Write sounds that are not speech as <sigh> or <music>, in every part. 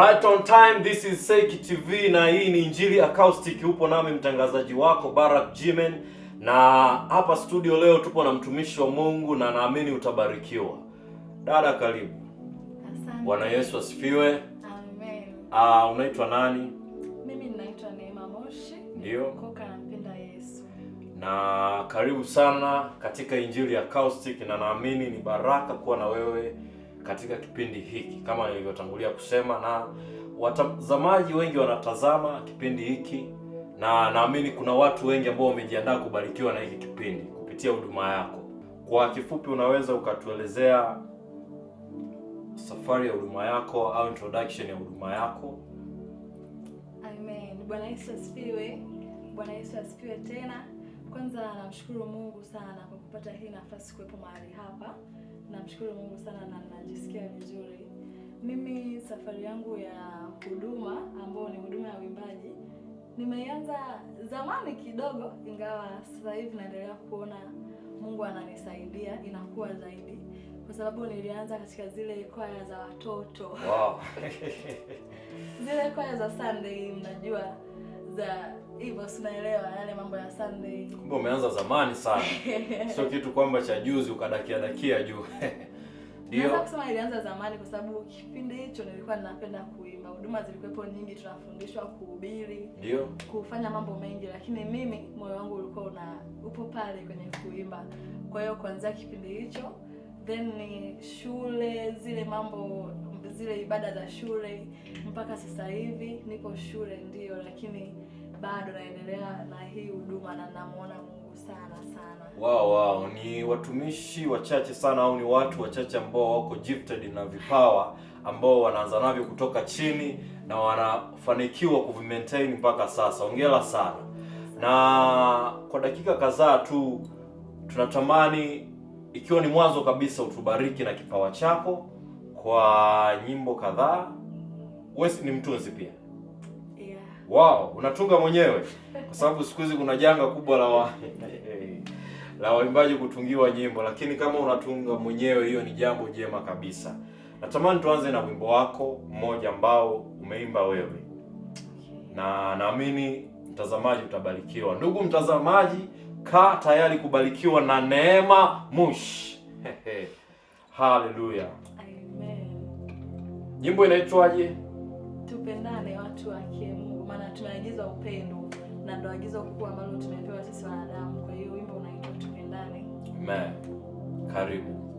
Right on time, this is Seki TV na hii ni Injili Acoustic, upo nami mtangazaji wako Barak Jimen, na hapa studio leo tupo na mtumishi wa Mungu na naamini utabarikiwa. Dada, karibu. Bwana Yesu asifiwe. Amen. Ah, unaitwa nani? Mimi ninaitwa Neema Moshi. Ndio. Kuka nampenda Yesu. Na karibu sana katika Injili Acoustic na naamini ni baraka kuwa na wewe katika kipindi hiki kama nilivyotangulia kusema, na watazamaji wengi wanatazama kipindi hiki, na naamini kuna watu wengi ambao wamejiandaa kubarikiwa na hiki kipindi kupitia huduma yako. Kwa kifupi, unaweza ukatuelezea safari ya huduma yako au introduction ya huduma yako? Amen. Bwana Yesu asifiwe. Bwana Yesu asifiwe tena. Kwanza namshukuru Mungu sana kwa kupata hii nafasi kuwepo mahali hapa Namshukuru Mungu sana na najisikia vizuri. Mimi safari yangu ya huduma ambayo ni huduma ya uimbaji nimeianza zamani kidogo, ingawa sasa hivi naendelea kuona Mungu ananisaidia inakuwa zaidi, kwa sababu nilianza katika zile kwaya za watoto wow. <laughs> zile kwaya za Sunday mnajua za hivyo sinaelewa yale mambo ya Sunday. Kumbe umeanza zamani sana <laughs> sio kitu kwamba cha juzi ukadakia dakia juu <laughs> Ndio. Naweza kusema ilianza zamani kwa sababu kipindi hicho nilikuwa ninapenda kuimba. Huduma zilikuwepo nyingi, tunafundishwa kuhubiri. Ndio. Kufanya mambo mengi, lakini mimi moyo wangu ulikuwa una upo pale kwenye kuimba. Kwa hiyo kuanzia kipindi hicho then ni shule zile mambo zile ibada za shule mpaka sasa hivi niko shule ndio, lakini bado naendelea na hii huduma na namuona Mungu sana sana. Wow, wow. Ni watumishi wachache sana au ni watu wachache ambao wako gifted na vipawa ambao wanaanza navyo kutoka chini na wanafanikiwa kuvimaintain mpaka sasa. Hongera sana. Na kwa dakika kadhaa tu tunatamani ikiwa ni mwanzo kabisa utubariki na kipawa chako kwa nyimbo kadhaa. Wewe ni mtunzi pia wao unatunga mwenyewe, kwa sababu siku hizi kuna janga kubwa la wa, <laughs> la waimbaji kutungiwa nyimbo, lakini kama unatunga mwenyewe, hiyo ni jambo jema kabisa. Natamani tuanze na wimbo wako mmoja ambao umeimba wewe, na naamini mtazamaji utabarikiwa. Ndugu mtazamaji, kaa tayari kubarikiwa na Neema Mush. <laughs> Haleluya, amen. Nyimbo inaitwaje? Tupendane watu wake tumeagizwa upendo na ndo agizo kubwa ambalo tumepewa sisi wanadamu. Kwa hiyo wimbo unaitwa Tupendane. Amen. Karibu.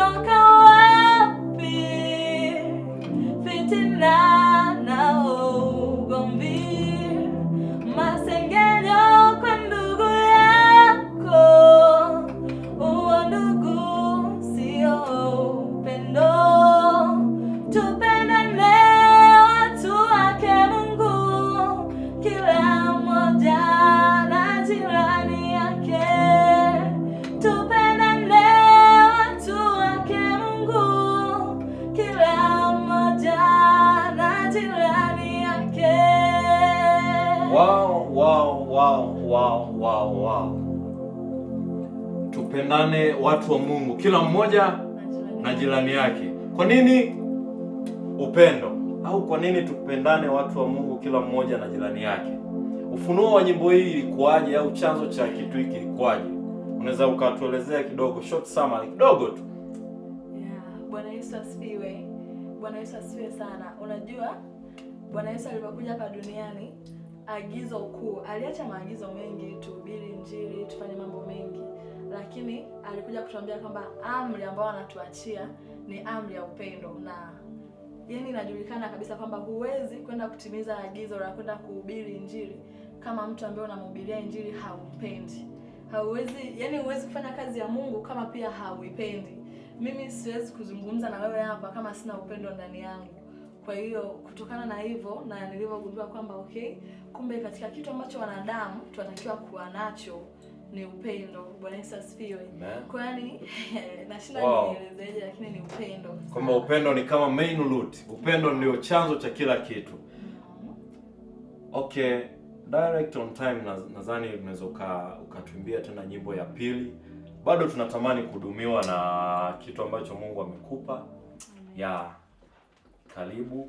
toca wow, wow, wow, wow, wow. Tupendane watu wa Mungu, kila mmoja na jirani yake. Kwa nini upendo au kwa nini tupendane watu wa Mungu, kila mmoja na jirani yake? Ufunuo wa nyimbo hii ilikuwaje, au chanzo cha kitu hiki ilikuwaje? Unaweza ukatuelezea kidogo, short summary kidogo tu? Yeah, Bwana Yesu asifiwe. Bwana Yesu asifiwe sana. Unajua Bwana Yesu alipokuja hapa duniani agizo kuu. Aliacha maagizo mengi, tuhubiri Injili, tufanye mambo mengi, lakini alikuja kutuambia kwamba amri ambayo anatuachia ni amri ya upendo, na yani inajulikana kabisa kwamba huwezi kwenda kutimiza agizo la kwenda kuhubiri Injili kama mtu ambaye unamhubiria Injili haupendi. Hauwezi, yani huwezi kufanya kazi ya Mungu kama pia hauipendi. Mimi siwezi kuzungumza na wewe hapa kama sina upendo ndani yangu. Kwa hiyo kutokana na hivyo na nilivyogundua kwamba okay, kumbe katika kitu ambacho wanadamu tunatakiwa kuwa nacho ni upendo. Bwana Yesu asifiwe. Kwani <laughs> nashinda wow, nielezeje, lakini ni upendo, kwamba upendo ni kama main root, upendo ndio chanzo cha kila kitu. Okay, direct on time, nadhani unaweza ukatuimbia tena nyimbo ya pili. Bado tunatamani kuhudumiwa na kitu ambacho Mungu amekupa ya yeah. Karibu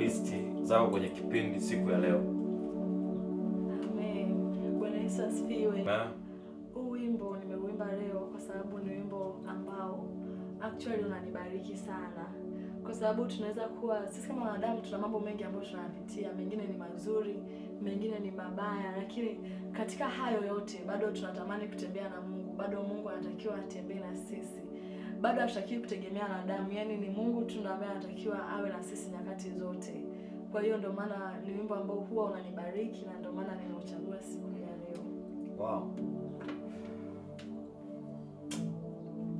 listi zako kwenye kipindi siku ya leo. Amen. Bwana Yesu asifiwe. Huu wimbo nimeuimba leo kwa sababu ni wimbo ambao actually unanibariki sana kwa sababu tunaweza kuwa sisi kama wanadamu tuna mambo mengi ambayo tunayapitia, mengine ni mazuri, mengine ni mabaya, lakini katika hayo yote bado tunatamani kutembea na Mungu, bado Mungu anatakiwa atembee na sisi bado hatakiwi kutegemea na damu, yani ni Mungu tu ndiye ambaye anatakiwa awe na sisi nyakati zote. Kwa hiyo ndio maana ni wimbo ambao huwa unanibariki na ndio maana nimeuchagua siku ya leo. Wow.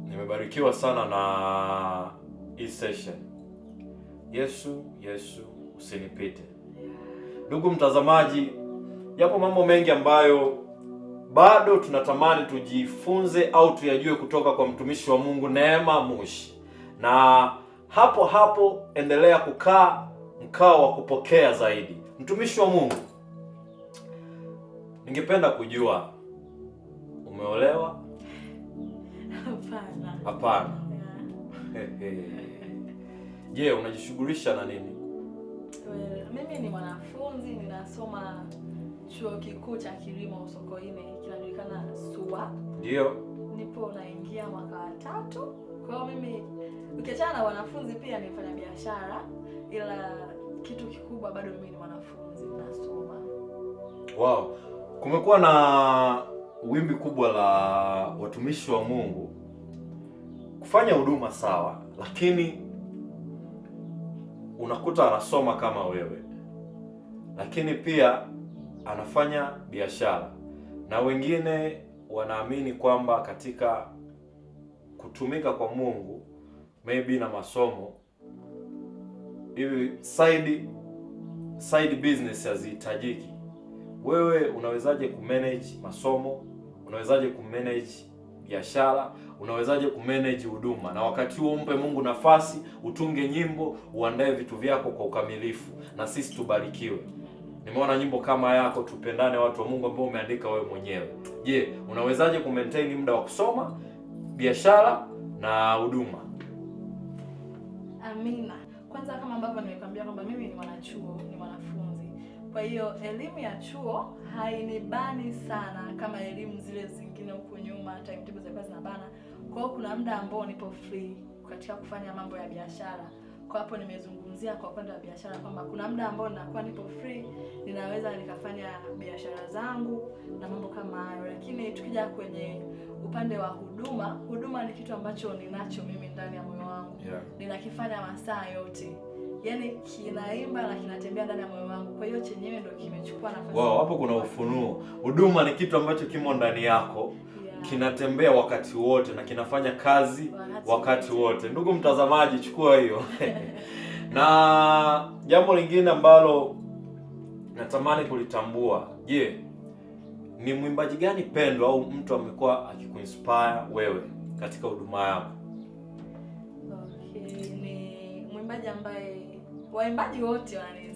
Nimebarikiwa sana na hii session. Yesu, Yesu usinipite. Ndugu mtazamaji, yapo mambo mengi ambayo bado tunatamani tujifunze au tuyajue kutoka kwa mtumishi wa Mungu Neema Mushi, na hapo hapo endelea kukaa mkao wa kupokea zaidi. Mtumishi wa Mungu, ningependa kujua umeolewa? Hapana, hapana. <laughs> Je, yeah, unajishughulisha na nini? Well, mimi ni mwanafunzi ninasoma chuo kikuu cha kilimo Sokoine inajulikana SUA. Ndio. Nipo unaingia mwaka wa tatu. Kwa hiyo mimi ukiachana na wanafunzi pia nimefanya biashara, ila kitu kikubwa bado mimi ni mwanafunzi nasoma. Wow. Kumekuwa na wimbi kubwa la watumishi wa Mungu kufanya huduma sawa, lakini unakuta anasoma kama wewe, lakini pia anafanya biashara na wengine wanaamini kwamba katika kutumika kwa Mungu maybe na masomo hivi side side business hazihitajiki. Wewe unawezaje kumanage masomo? Unawezaje kumanage biashara? Unawezaje kumanage huduma, na wakati huo umpe Mungu nafasi, utunge nyimbo, uandae vitu vyako kwa ukamilifu, na sisi tubarikiwe. Nimeona nyimbo kama yako tupendane, watu wa Mungu, ambao umeandika wewe mwenyewe. Je, unawezaje kumaintain muda wa kusoma, biashara na huduma? Amina. Kwanza kama ambavyo nimekwambia kwamba mimi ni mwanachuo, ni mwanafunzi, kwa hiyo elimu ya chuo hainibani sana kama elimu zile zingine huko nyuma, timetable zilikuwa zinabana. Kwa hiyo kuna muda ambao nipo free katika kufanya mambo ya biashara kwa hapo nimezungumzia kwa upande wa biashara kwamba kuna muda ambao ninakuwa nipo free, ninaweza nikafanya biashara zangu na mambo kama hayo. Lakini tukija kwenye upande wa huduma, huduma ni kitu ambacho ninacho mimi ndani ya moyo wangu yeah. Ninakifanya masaa yote yani kinaimba na kinatembea ndani ya moyo wangu, kwa hiyo chenyewe ndio kimechukua nafasi. Wow, hapo kuna ufunuo. Huduma ni kitu ambacho kimo ndani yako kinatembea wakati wote na kinafanya kazi wakati wote. Ndugu mtazamaji, chukua hiyo <laughs> na jambo lingine ambalo natamani kulitambua, je, ni mwimbaji gani pendwa au mtu amekuwa akikuinspire wewe katika huduma yako? Okay, ni mwimbaji ambaye waimbaji wote wananiinspire.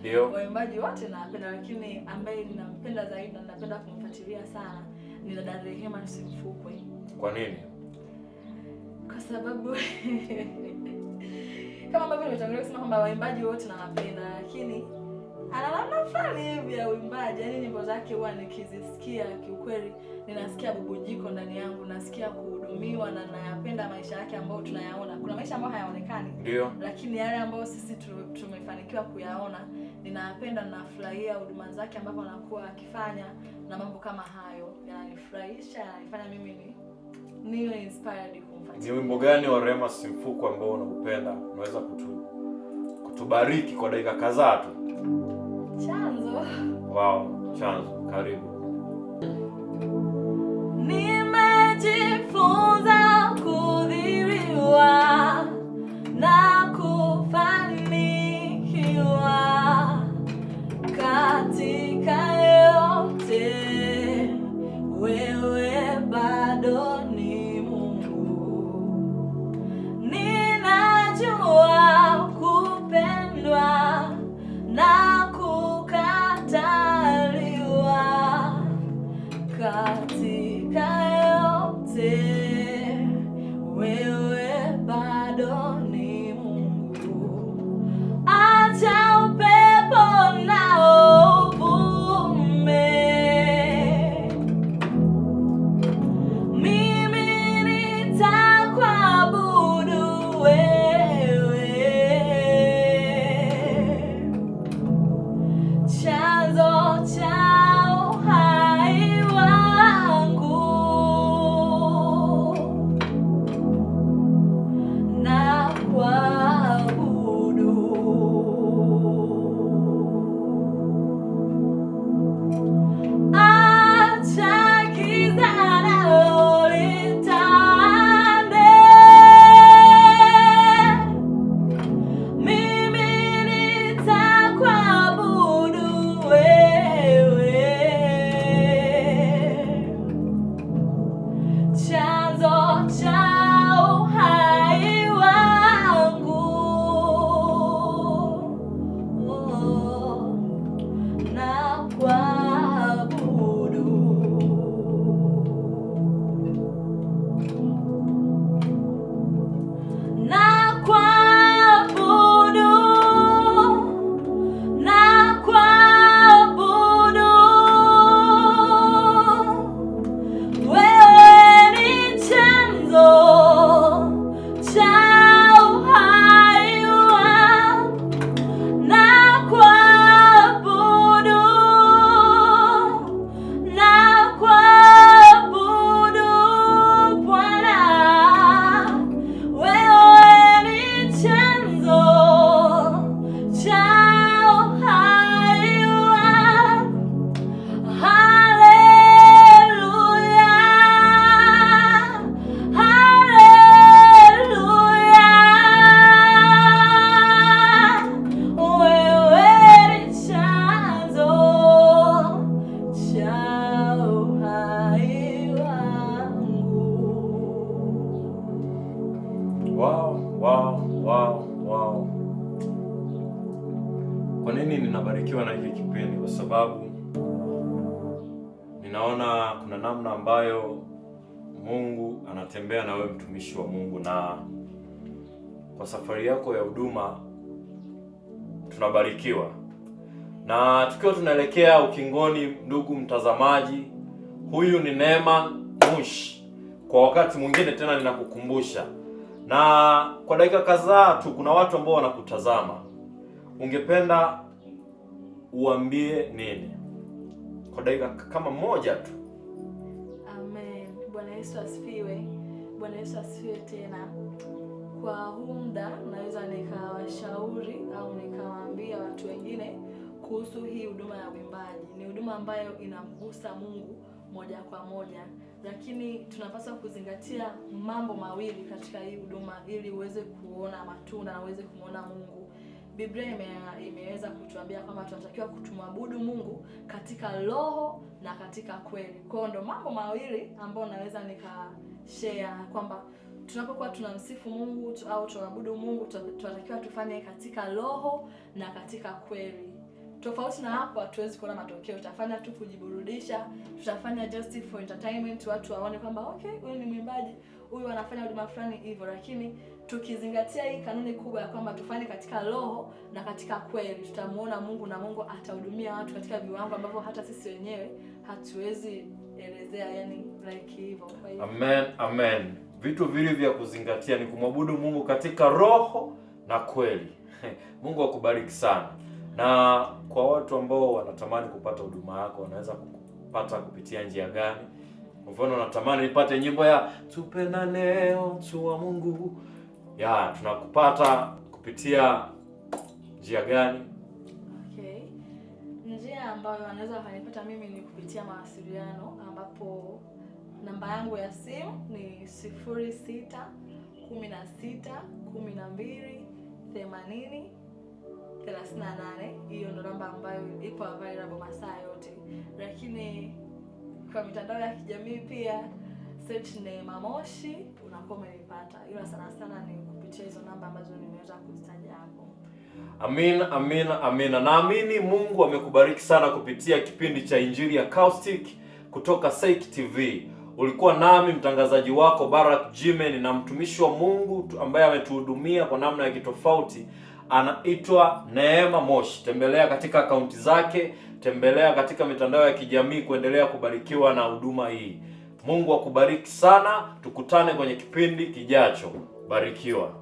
Ndio. Waimbaji wote napenda, lakini ambaye ninampenda zaidi na napenda kumfuatilia sana ndio dada Rehema simfukwe. Kwa nini? Kwa sababu <laughs> kama ambavyo nimetangulia kusema kwamba waimbaji wote nawapenda, lakini ana namna fulani hivi ya uimbaji, yaani nyimbo zake huwa nikizisikia, kiukweli ninasikia bubujiko ndani yangu, nasikia kuhudumiwa na nayapenda maisha yake ambayo tunayaona. Kuna maisha ambayo hayaonekani, ndio, lakini yale ambayo sisi tumefanikiwa kuyaona ninayapenda, nafurahia huduma zake ambapo anakuwa akifanya na mambo kama hayo yananifurahisha, yananifanya mimi ni niwe inspired kumfuatilia. Ni wimbo gani wa Rema Simfuku ambao unaupenda? Unaweza kutu kutubariki kwa dakika kadhaa tu? Chanzo. Wow, chanzo, karibu. Nimejia wow, wow. Kwa nini ninabarikiwa na hiki kipindi? Kwa sababu ninaona kuna namna ambayo Mungu anatembea na wewe mtumishi wa Mungu, na kwa safari yako ya huduma tunabarikiwa. Na tukiwa tunaelekea ukingoni, ndugu mtazamaji, huyu ni Neema Mushi. Kwa wakati mwingine tena ninakukumbusha na kwa dakika kadhaa tu kuna watu ambao wanakutazama, ungependa uambie nini kwa dakika kama moja tu? Amen. Bwana Yesu asifiwe. Bwana Yesu asifiwe tena. Kwa huu muda naweza nikawashauri au nikawaambia watu wengine kuhusu hii huduma ya uimbaji. Ni huduma ambayo inamgusa Mungu moja kwa moja lakini tunapaswa kuzingatia mambo mawili katika hii huduma ili uweze kuona matunda na uweze kumwona Mungu. Biblia ime, imeweza kutuambia kwamba tunatakiwa kutumwabudu Mungu katika roho na katika kweli. Kwa hiyo ndo mambo mawili ambayo naweza nikashare kwamba tunapokuwa tunamsifu Mungu au tunaabudu Mungu tunatakiwa tufanye katika roho na katika kweli. Tofauti na hapo hatuwezi kuona matokeo, tutafanya tu kujiburudisha, tutafanya just for entertainment, watu waone kwamba okay, huyu ni mwimbaji, huyu anafanya huduma fulani hivyo, lakini tukizingatia hii kanuni kubwa ya kwamba tufanye katika roho na katika kweli, tutamuona Mungu na Mungu atahudumia watu katika viwango ambavyo hata sisi wenyewe hatuwezi elezea, yani like hivyo. Amen, amen. Vitu vile vya kuzingatia ni kumwabudu Mungu katika roho na kweli. <laughs> Mungu akubariki sana. Na kwa watu ambao wanatamani kupata huduma yako wanaweza kupata kupitia njia gani? Kwa mfano natamani nipate nyimbo ya tupena na mtu wa Mungu, ya tunakupata kupitia njia gani? Okay, njia ambayo wanaweza wakanipata mimi ni kupitia mawasiliano, ambapo namba yangu ya simu ni sifuri sita kumi na sita kumi na mbili themanini 38. Hiyo ndo namba ambayo ipo available masaa yote, lakini kwa mitandao ya kijamii pia search Neema Moshi unakuwa umenipata, ila sana sana ni kupitia hizo namba ambazo nimeweza kuzitaja hapo. Amin, amin, amina. Naamini Mungu amekubariki sana kupitia kipindi cha Injili ya Caustic kutoka SEIC TV. Ulikuwa nami mtangazaji wako Barack Jimen na mtumishi wa Mungu ambaye ametuhudumia kwa namna ya kitofauti anaitwa Neema Moshi. Tembelea katika akaunti zake, tembelea katika mitandao ya kijamii kuendelea kubarikiwa na huduma hii. Mungu akubariki sana, tukutane kwenye kipindi kijacho. Barikiwa.